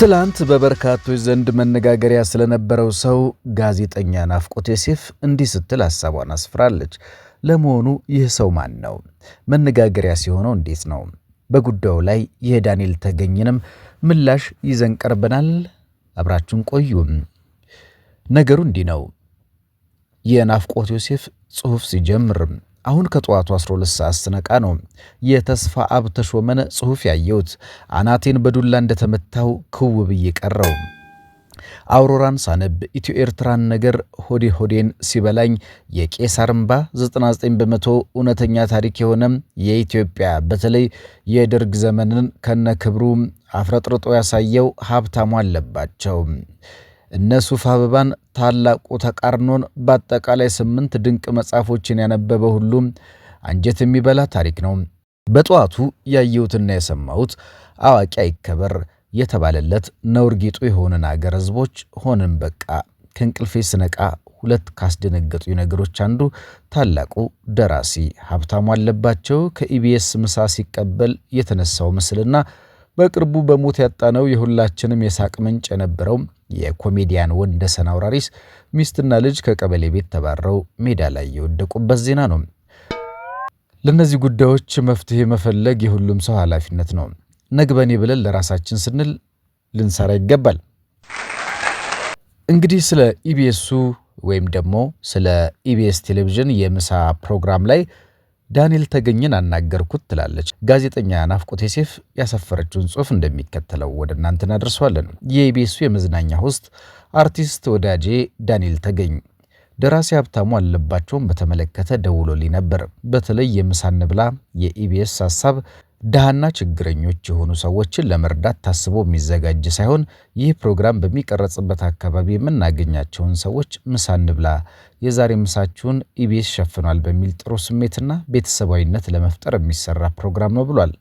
ትላንት በበርካቶች ዘንድ መነጋገሪያ ስለነበረው ሰው ጋዜጠኛ ናፍቆት ዮሴፍ እንዲህ ስትል ሀሳቧን አስፍራለች። ለመሆኑ ይህ ሰው ማን ነው? መነጋገሪያ ሲሆነው እንዴት ነው? በጉዳዩ ላይ የዳንኤል ተገኝንም ምላሽ ይዘን ቀርበናል። አብራችሁን ቆዩ። ነገሩ እንዲህ ነው። የናፍቆት ዮሴፍ ጽሑፍ ሲጀምር አሁን ከጠዋቱ 12 ሰዓት ስነቃ ነው የተስፋ አብ ተሾመን ጽሑፍ ያየሁት። አናቴን በዱላ እንደተመታው ክው ብዬ ቀረው። አውሮራን ሳነብ ኢትዮ ኤርትራን ነገር ሆዴ ሆዴን ሲበላኝ የቄሳር እምባ 99 በመቶ እውነተኛ ታሪክ የሆነ የኢትዮጵያ በተለይ የደርግ ዘመንን ከነ ክብሩ አፍረጥርጦ ያሳየው ሀብታሙ አለባቸው እነሱ ሱፍ አበባን ታላቁ ተቃርኖን በአጠቃላይ ስምንት ድንቅ መጽሐፎችን ያነበበ ሁሉም አንጀት የሚበላ ታሪክ ነው። በጠዋቱ ያየሁትና የሰማሁት አዋቂ አይከበር የተባለለት ነውር ጌጡ የሆንን አገር ህዝቦች ሆንን። በቃ ከእንቅልፌ ስነቃ ሁለት ካስደነገጡ ነገሮች አንዱ ታላቁ ደራሲ ሀብታሙ አለባቸው ከኢቢኤስ ምሳ ሲቀበል የተነሳው ምስልና በቅርቡ በሞት ያጣነው የሁላችንም የሳቅ ምንጭ የነበረው የኮሜዲያን ወንደሰን አውራሪስ ሚስትና ልጅ ከቀበሌ ቤት ተባረው ሜዳ ላይ የወደቁበት ዜና ነው። ለእነዚህ ጉዳዮች መፍትሄ መፈለግ የሁሉም ሰው ኃላፊነት ነው። ነግበኔ ብለን ለራሳችን ስንል ልንሰራ ይገባል። እንግዲህ ስለ ኢቢኤሱ ወይም ደግሞ ስለ ኢቢኤስ ቴሌቪዥን የምሳ ፕሮግራም ላይ ዳንኤል ተገኘን አናገርኩት ትላለች ጋዜጠኛ ናፍቆቴ ሴፍ ያሰፈረችውን ጽሑፍ እንደሚከተለው ወደ እናንተ እናደርሰዋለን። የኢቢኤሱ የመዝናኛ ሆስት አርቲስት ወዳጄ ዳንኤል ተገኝ ደራሲ ሀብታሙ አለባቸውን በተመለከተ ደውሎልኝ ነበር። በተለይ የምሳን ብላ የኢቢኤስ ሀሳብ ድሃና ችግረኞች የሆኑ ሰዎችን ለመርዳት ታስቦ የሚዘጋጅ ሳይሆን ይህ ፕሮግራም በሚቀረጽበት አካባቢ የምናገኛቸውን ሰዎች ምሳ እንብላ፣ የዛሬ ምሳችሁን ኢቢኤስ ሸፍኗል በሚል ጥሩ ስሜትና ቤተሰባዊነት ለመፍጠር የሚሰራ ፕሮግራም ነው ብሏል።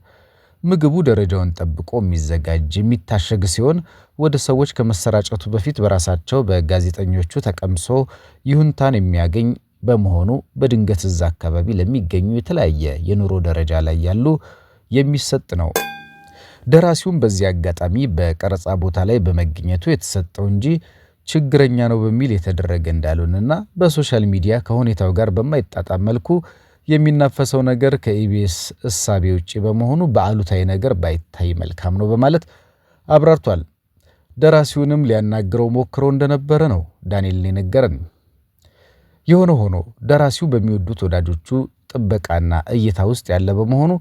ምግቡ ደረጃውን ጠብቆ የሚዘጋጅ የሚታሸግ ሲሆን ወደ ሰዎች ከመሰራጨቱ በፊት በራሳቸው በጋዜጠኞቹ ተቀምሶ ይሁንታን የሚያገኝ በመሆኑ በድንገት እዛ አካባቢ ለሚገኙ የተለያየ የኑሮ ደረጃ ላይ ያሉ የሚሰጥ ነው። ደራሲውም በዚህ አጋጣሚ በቀረጻ ቦታ ላይ በመገኘቱ የተሰጠው እንጂ ችግረኛ ነው በሚል የተደረገ እንዳልሆነና በሶሻል ሚዲያ ከሁኔታው ጋር በማይጣጣም መልኩ የሚናፈሰው ነገር ከኢቢኤስ እሳቤ ውጭ በመሆኑ በአሉታዊ ነገር ባይታይ መልካም ነው በማለት አብራርቷል። ደራሲውንም ሊያናግረው ሞክሮ እንደነበረ ነው ዳንኤል የነገረን። የሆነ ሆኖ ደራሲው በሚወዱት ወዳጆቹ ጥበቃና እይታ ውስጥ ያለ በመሆኑ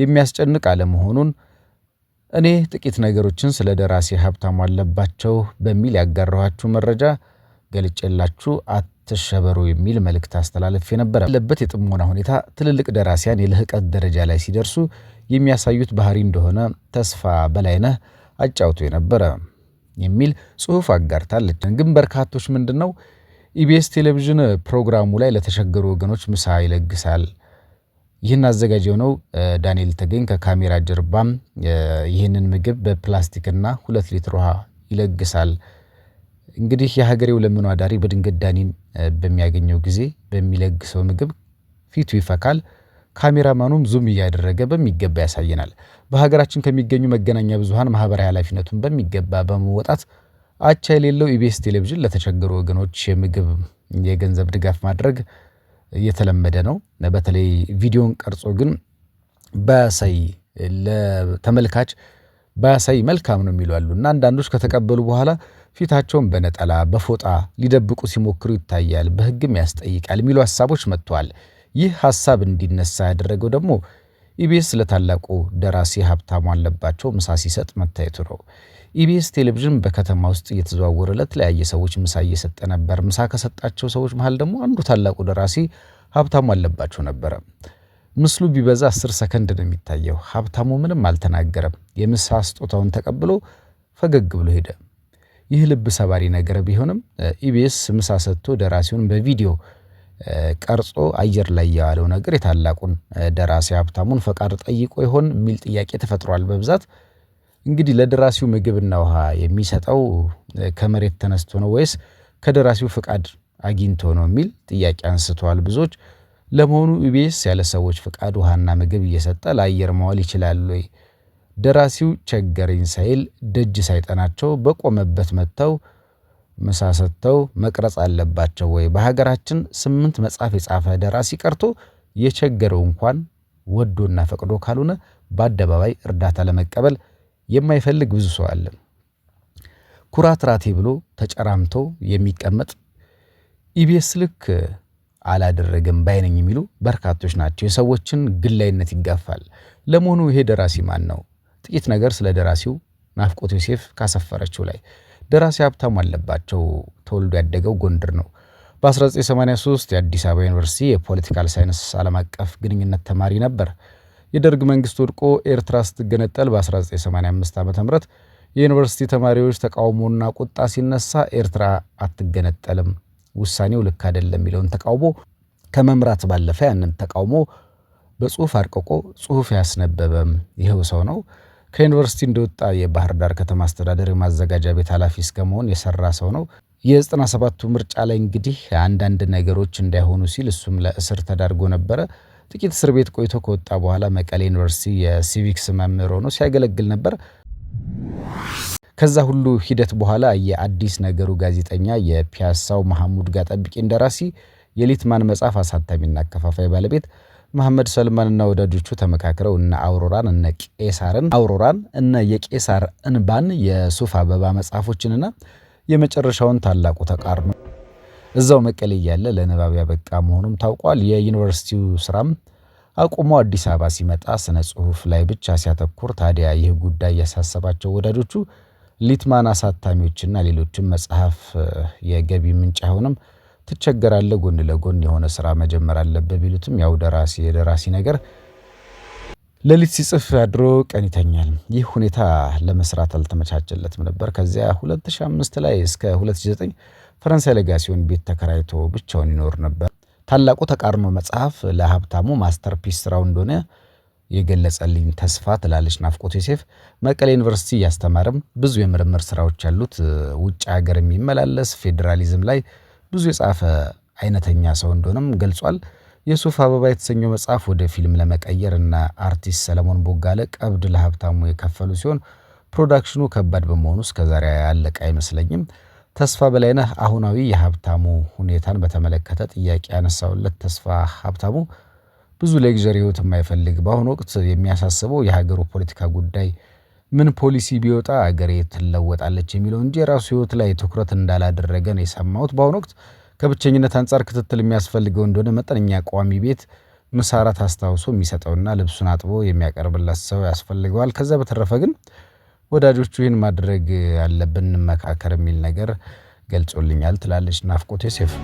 የሚያስጨንቅ አለመሆኑን እኔ ጥቂት ነገሮችን ስለ ደራሲ ሀብታሙ አለባቸው በሚል ያጋራኋችሁ መረጃ ገልጬላችሁ አትሸበሩ የሚል መልእክት አስተላለፌ ነበረ። ያለበት የጥሞና ሁኔታ ትልልቅ ደራሲያን የልህቀት ደረጃ ላይ ሲደርሱ የሚያሳዩት ባህሪ እንደሆነ ተስፋ በላይነህ አጫውቶ ነበረ የሚል ጽሑፍ አጋርታለች። ግን በርካቶች ምንድን ነው ኢቢኤስ ቴሌቪዥን ፕሮግራሙ ላይ ለተቸገሩ ወገኖች ምሳ ይለግሳል ይህን አዘጋጅ የሆነው ዳንኤል ተገኝ ከካሜራ ጀርባም ይህንን ምግብ በፕላስቲክና ሁለት ሊትር ውሃ ይለግሳል። እንግዲህ የሀገሬው ለምኖ አዳሪ በድንገት ዳኒን በሚያገኘው ጊዜ በሚለግሰው ምግብ ፊቱ ይፈካል። ካሜራማኑም ዙም እያደረገ በሚገባ ያሳየናል። በሀገራችን ከሚገኙ መገናኛ ብዙሃን ማህበራዊ ኃላፊነቱን በሚገባ በመወጣት አቻ የሌለው ኢቢኤስ ቴሌቪዥን ለተቸገሩ ወገኖች የምግብ የገንዘብ ድጋፍ ማድረግ የተለመደ ነው። በተለይ ቪዲዮን ቀርጾ ግን ባያሳይ ለተመልካች ባያሳይ መልካም ነው የሚሉ አሉ እና አንዳንዶች ከተቀበሉ በኋላ ፊታቸውን በነጠላ በፎጣ ሊደብቁ ሲሞክሩ ይታያል፣ በሕግም ያስጠይቃል የሚሉ ሀሳቦች መጥተዋል። ይህ ሀሳብ እንዲነሳ ያደረገው ደግሞ ኢቢኤስ ለታላቁ ደራሲ ሀብታሙ አለባቸው ምሳ ሲሰጥ መታየቱ ነው። ኢቢኤስ ቴሌቪዥን በከተማ ውስጥ እየተዘዋወረ ለተለያየ ሰዎች ምሳ እየሰጠ ነበር። ምሳ ከሰጣቸው ሰዎች መሀል ደግሞ አንዱ ታላቁ ደራሲ ሀብታሙ አለባቸው ነበረ። ምስሉ ቢበዛ አስር ሰከንድ ነው የሚታየው። ሀብታሙ ምንም አልተናገረም። የምሳ ስጦታውን ተቀብሎ ፈገግ ብሎ ሄደ። ይህ ልብ ሰባሪ ነገር ቢሆንም ኢቢኤስ ምሳ ሰጥቶ ደራሲውን በቪዲዮ ቀርጾ አየር ላይ የዋለው ነገር የታላቁን ደራሲ ሀብታሙን ፈቃድ ጠይቆ ይሆን የሚል ጥያቄ ተፈጥሯል በብዛት እንግዲህ ለደራሲው ምግብና ውሃ የሚሰጠው ከመሬት ተነስቶ ነው ወይስ ከደራሲው ፍቃድ አግኝቶ ነው የሚል ጥያቄ አንስተዋል ብዙዎች። ለመሆኑ ኢቢኤስ ያለ ሰዎች ፍቃድ ውሃና ምግብ እየሰጠ ለአየር መዋል ይችላል ወይ? ደራሲው ቸገረኝ ሳይል ደጅ ሳይጠናቸው በቆመበት መጥተው ምሳ ሰጥተው መቅረጽ አለባቸው ወይ? በሀገራችን ስምንት መጽሐፍ የጻፈ ደራሲ ቀርቶ የቸገረው እንኳን ወዶና ፈቅዶ ካልሆነ በአደባባይ እርዳታ ለመቀበል የማይፈልግ ብዙ ሰው አለ። ኩራት ራቴ ብሎ ተጨራምቶ የሚቀመጥ ኢቢኤስ ልክ አላደረገም ባይነኝ የሚሉ በርካቶች ናቸው። የሰዎችን ግላይነት ይጋፋል። ለመሆኑ ይሄ ደራሲ ማን ነው? ጥቂት ነገር ስለ ደራሲው ናፍቆት ዮሴፍ ካሰፈረችው ላይ። ደራሲ ሀብታሙ አለባቸው ተወልዶ ያደገው ጎንደር ነው። በ1983 የአዲስ አበባ ዩኒቨርሲቲ የፖለቲካል ሳይንስ ዓለም አቀፍ ግንኙነት ተማሪ ነበር። የደርግ መንግስት ወድቆ ኤርትራ ስትገነጠል በ1985 ዓ ም የዩኒቨርሲቲ ተማሪዎች ተቃውሞና ቁጣ ሲነሳ ኤርትራ አትገነጠልም፣ ውሳኔው ልክ አይደለም የሚለውን ተቃውሞ ከመምራት ባለፈ ያንን ተቃውሞ በጽሁፍ አርቅቆ ጽሁፍ ያስነበበም ይኸው ሰው ነው። ከዩኒቨርሲቲ እንደወጣ የባህር ዳር ከተማ አስተዳደር የማዘጋጃ ቤት ኃላፊ እስከመሆን የሰራ ሰው ነው። የ የ97ቱ ምርጫ ላይ እንግዲህ አንዳንድ ነገሮች እንዳይሆኑ ሲል እሱም ለእስር ተዳርጎ ነበረ። ጥቂት እስር ቤት ቆይቶ ከወጣ በኋላ መቀሌ ዩኒቨርሲቲ የሲቪክስ መምህር ሆኖ ሲያገለግል ነበር። ከዛ ሁሉ ሂደት በኋላ የአዲስ ነገሩ ጋዜጠኛ፣ የፒያሳው መሐሙድ ጋር ጠብቂ እንደራሲ፣ የሊትማን መጽሐፍ አሳታሚና አከፋፋይ ባለቤት መሐመድ ሰልማንና ወዳጆቹ ተመካክረው እነ አውሮራን እነ ቄሳርን አውሮራን እነ የቄሳር እንባን የሱፍ አበባ መጽሐፎችንና የመጨረሻውን ታላቁ ተቃርኖ እዛው መቀሌ እያለ ለንባብ ያበቃ መሆኑም ታውቋል። የዩኒቨርሲቲው ስራም አቁሞ አዲስ አበባ ሲመጣ ስነ ጽሁፍ ላይ ብቻ ሲያተኩር ታዲያ ይህ ጉዳይ ያሳሰባቸው ወዳጆቹ ሊትማን አሳታሚዎችና ሌሎችም መጽሐፍ የገቢ ምንጭ አይሆንም፣ ትቸገራለ ጎን ለጎን የሆነ ስራ መጀመር አለበት ቢሉትም ያው ደራሲ የደራሲ ነገር ሌሊት ሲጽፍ አድሮ ቀን ይተኛል። ይህ ሁኔታ ለመስራት አልተመቻቸለትም ነበር። ከዚያ 2005 ላይ እስከ 2009 ፈረንሳይ ላይ ሲሆን ቤት ተከራይቶ ብቻውን ይኖር ነበር። ታላቁ ተቃርኖ መጽሐፍ ለሀብታሙ ማስተርፒስ ስራው እንደሆነ የገለጸልኝ ተስፋ ትላለች ናፍቆት ዮሴፍ። መቀሌ ዩኒቨርሲቲ እያስተማረም ብዙ የምርምር ስራዎች ያሉት ውጭ ሀገር የሚመላለስ ፌዴራሊዝም ላይ ብዙ የጻፈ አይነተኛ ሰው እንደሆነም ገልጿል። የሱፍ አበባ የተሰኘው መጽሐፍ ወደ ፊልም ለመቀየር እና አርቲስት ሰለሞን ቦጋለ ቀብድ ለሀብታሙ የከፈሉ ሲሆን ፕሮዳክሽኑ ከባድ በመሆኑ እስከዛሬ ያለቀ አይመስለኝም። ተስፋ በላይነህ አሁናዊ የሀብታሙ ሁኔታን በተመለከተ ጥያቄ ያነሳውለት ተስፋ ሀብታሙ ብዙ ሌግዠሪ ህይወት የማይፈልግ በአሁኑ ወቅት የሚያሳስበው የሀገሩ ፖለቲካ ጉዳይ ምን ፖሊሲ ቢወጣ አገሬ ትለወጣለች የሚለው እንጂ የራሱ ህይወት ላይ ትኩረት እንዳላደረገ ነው የሰማሁት። በአሁኑ ወቅት ከብቸኝነት አንጻር ክትትል የሚያስፈልገው እንደሆነ መጠነኛ ቋሚ ቤት ምሳራት አስታውሶ የሚሰጠውና ልብሱን አጥቦ የሚያቀርብለት ሰው ያስፈልገዋል። ከዛ በተረፈ ግን ወዳጆቹ ይህን ማድረግ ያለብን እንመካከር የሚል ነገር ገልጾልኛል ትላለች ናፍቆቴ ሴፍ